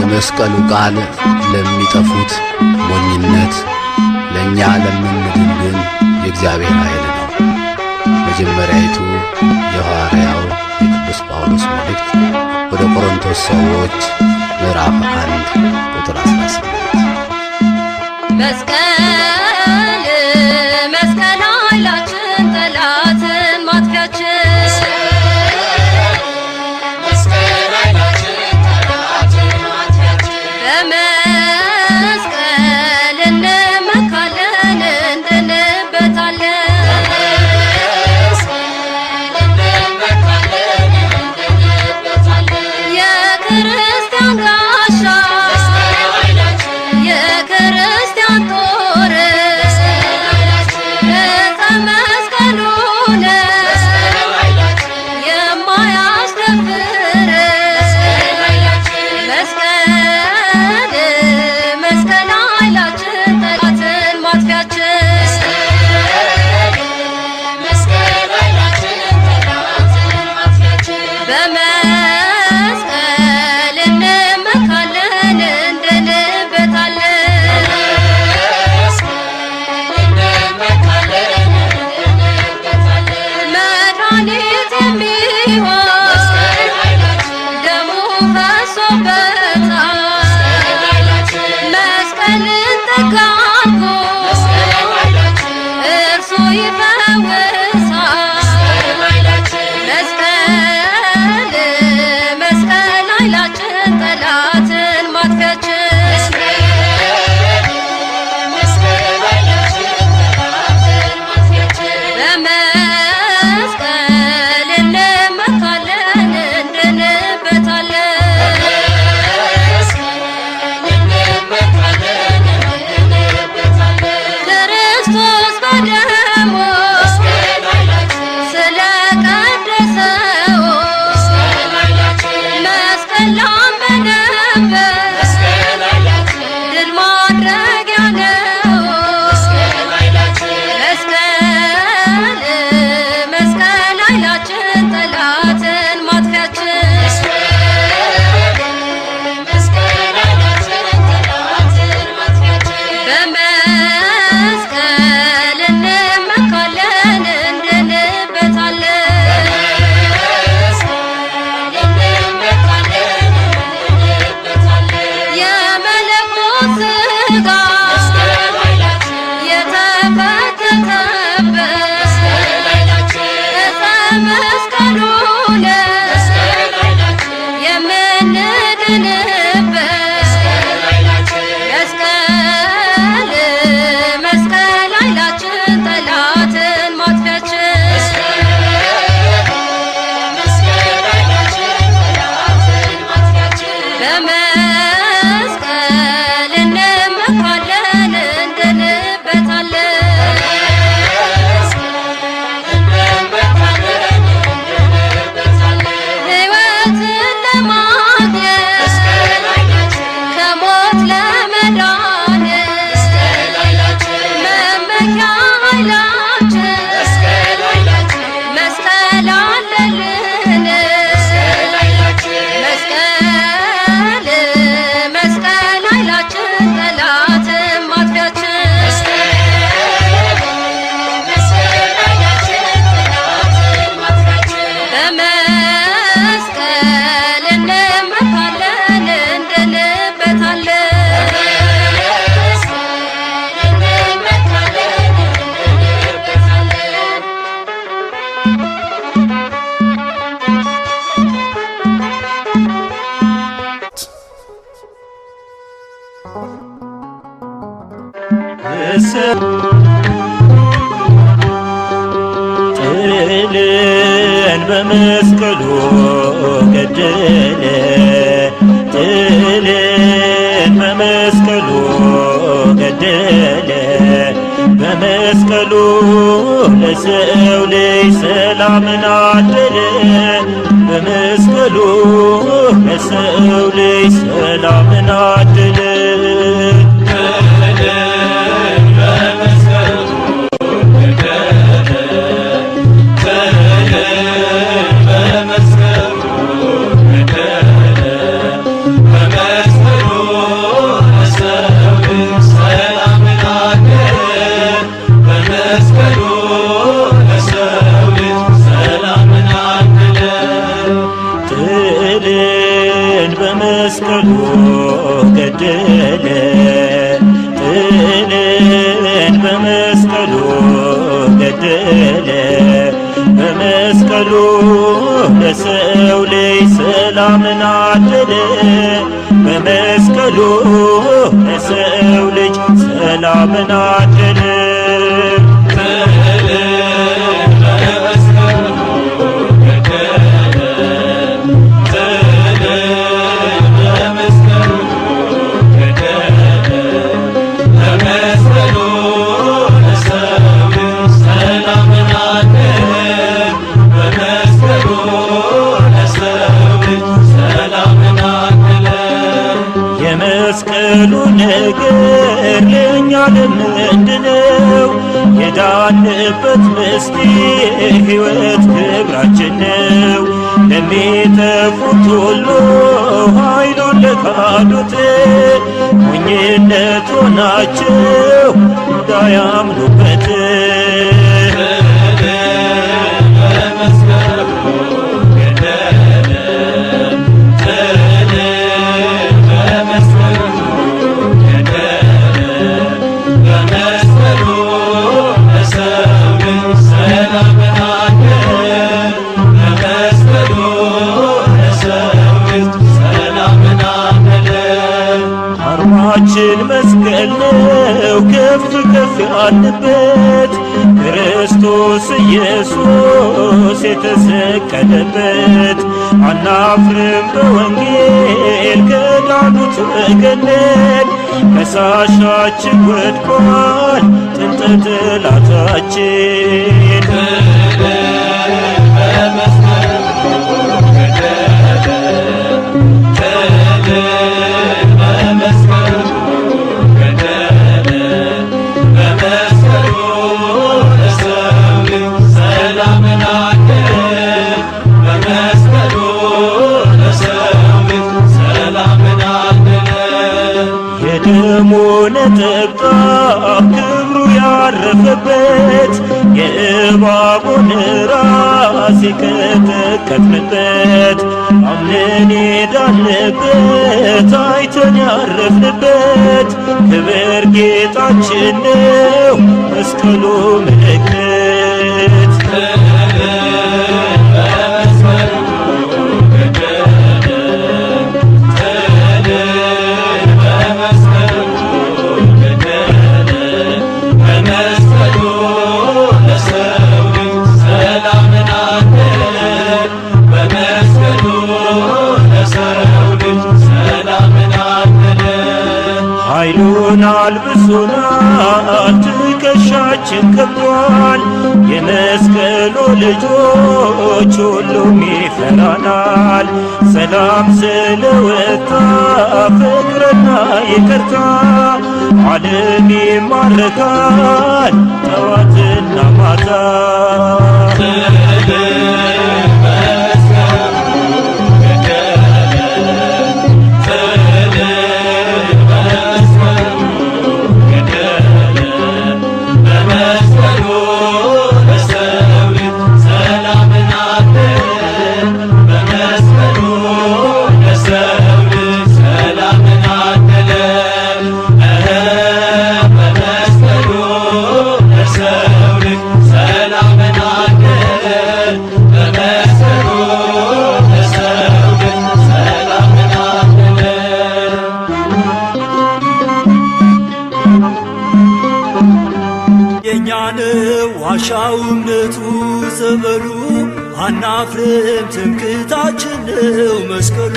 የመስቀሉ ቃል ለሚጠፉት ሞኝነት፣ ለእኛ ለምንድን ግን የእግዚአብሔር ኃይል ነው። መጀመሪያይቱ የሐዋርያው የቅዱስ ጳውሎስ መልእክት ወደ ቆሮንቶስ ሰዎች ምዕራፍ አንድ ቁጥር 18 Sunday. Remember ellerine ጥልን በመስቀሉ ገደለ ጥልን በመስቀሉ ገደለ በመስቀሉ ለሰው ልጅ ሰላምን አደለ በመስቀሉ ለሰው ልጅ ሰላምን አደለ ለሰው ልጅ ሰላምን አድርግ ሁሉ ነገር ለእኛ ለምንድነው? የዳንበት ምስጢር ሕይወት ክብራችን ነው። ለሚጠፉት ሁሉ ኃይሉን ለካዱት ሞኝነት ሆናችሁ እንዳያምኑበት ያለበት ክርስቶስ ኢየሱስ የተሰቀለበት። አናፍርም በወንጌል ከዳኑት መገለል ከሳሻችን ወድቋል ጥንተ የተከትንበት አምነን ሄዳንበት አይተን ያረፍንበት ክብር ጌጣችን ነው መስቀሉ ምልክት ሁሉም ይፈራናል። ሰላም ስለወጣ ፍቅርና ይቅርታ ዓለም ይማርካል ጠዋትና ማታ እምነቱ ዘመኑ አናፍርም ትምክህታችን ነው መስቀሉ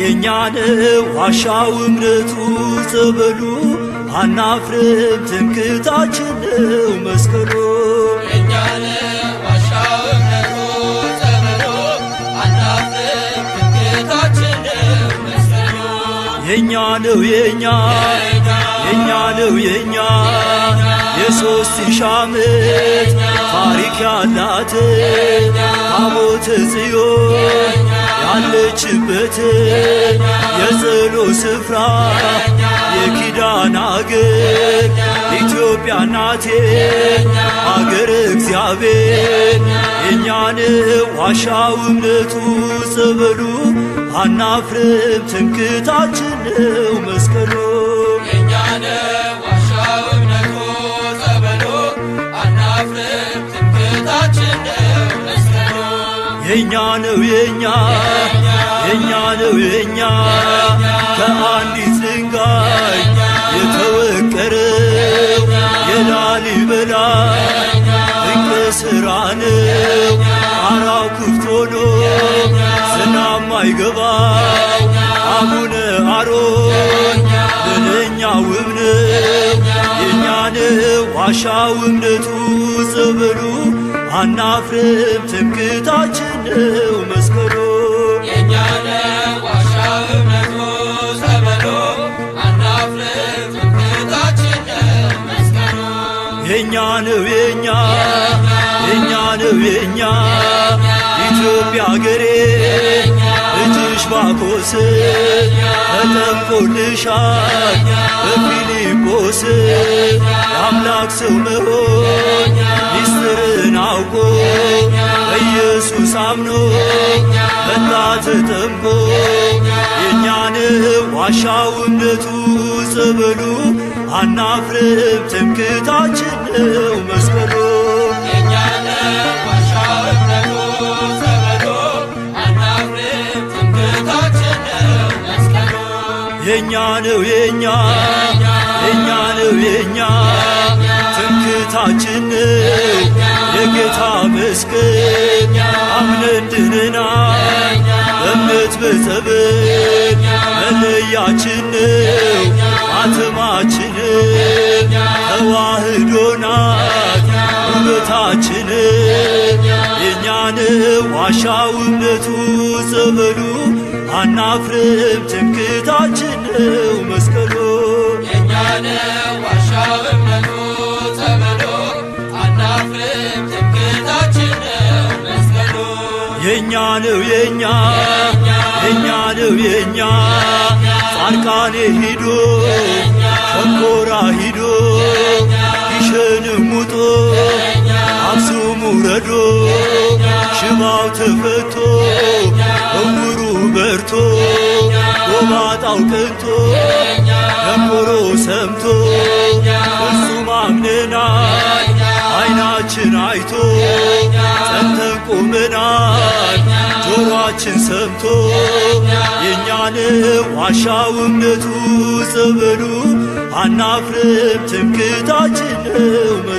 የእኛ ነው ዋሻው እምነቱ ዘመኑ አናፍርም ትምክህታችን ነው መስቀሉ የእኛ ነው የኛ ነው የኛ የኛ ነው የኛ የሶስት ሺህ ዓመት ታሪክ ያላት ታቦተ ጽዮን ያለችበት የጸሎ ስፍራ የኪዳን አገር ኢትዮጵያ ናቴ አገር እግዚአብሔር የእኛን ዋሻው እምነቱ ጸበሉ አናፍርም፣ ትምክህታችን ነው መስቀሉ የእኛ ነው ዋሻው እምነቱ አናፍርም፣ ነው የኛ የእኛ ነው የእኛ የእኛ ነው የእኛ ከአንዲት ድንጋይ የተወቀረ የላሊበላ ድንቅ ሥራ ነው። አይገባው አቡነ አሮን በለኛ ውብነት የእኛን ዋሻው እምነቱ ጽብሉ አናፍርም ትምክታችን ነው መስቀሉ የኛ ነው የኛ የኛ ነው የኛ ኢትዮጵያ ሀገሬ በአብሽ ማኮስ ተጠምቆልሻል በፊልጶስ የአምላክ ሰው መሆን ሚስጥርን አውቆ በኢየሱስ አምኖ መጣ ተጠምቆ የእኛን ዋሻው እምነቱ ጸበሉ አናፍርም ትምክህታችን ነው መስቀሉ የኛ ነው የኛ የኛ ነው የኛ ትምክህታችን የጌታ መስቀል አምነን ድነናል እምነት በጸበል መለያችን ማተማችን ተዋህዶናል ውበታችን የእኛ ነው ዋሻው እምነቱ ጸበሉ አናፍርም ትምክህታችን ነው መስቀሉ የእኛ ነው ዋሻው እምነቱ ተመዶ አናፍርም ትምክህታችን ነው መስቀሉ የእኛ ነው የእኛ የእኛ ነው የእኛ ጻድቃኔ ሂዱ ሸኮራ ሂዱ ግሸንም ውጡ አክሱም ውረዱ ሽባው ተፈቶ እውሩ በርቶ ላጣው ቅንቶ ደንቆሮ ሰምቶ እሱ አምነናል አይናችን አይቶ ጸንተን ቆመናል ጆሮአችን ሰምቶ የእኛን ዋሻ እምነቱ ጸበሉ አናፍርም ትምክህታችን ነው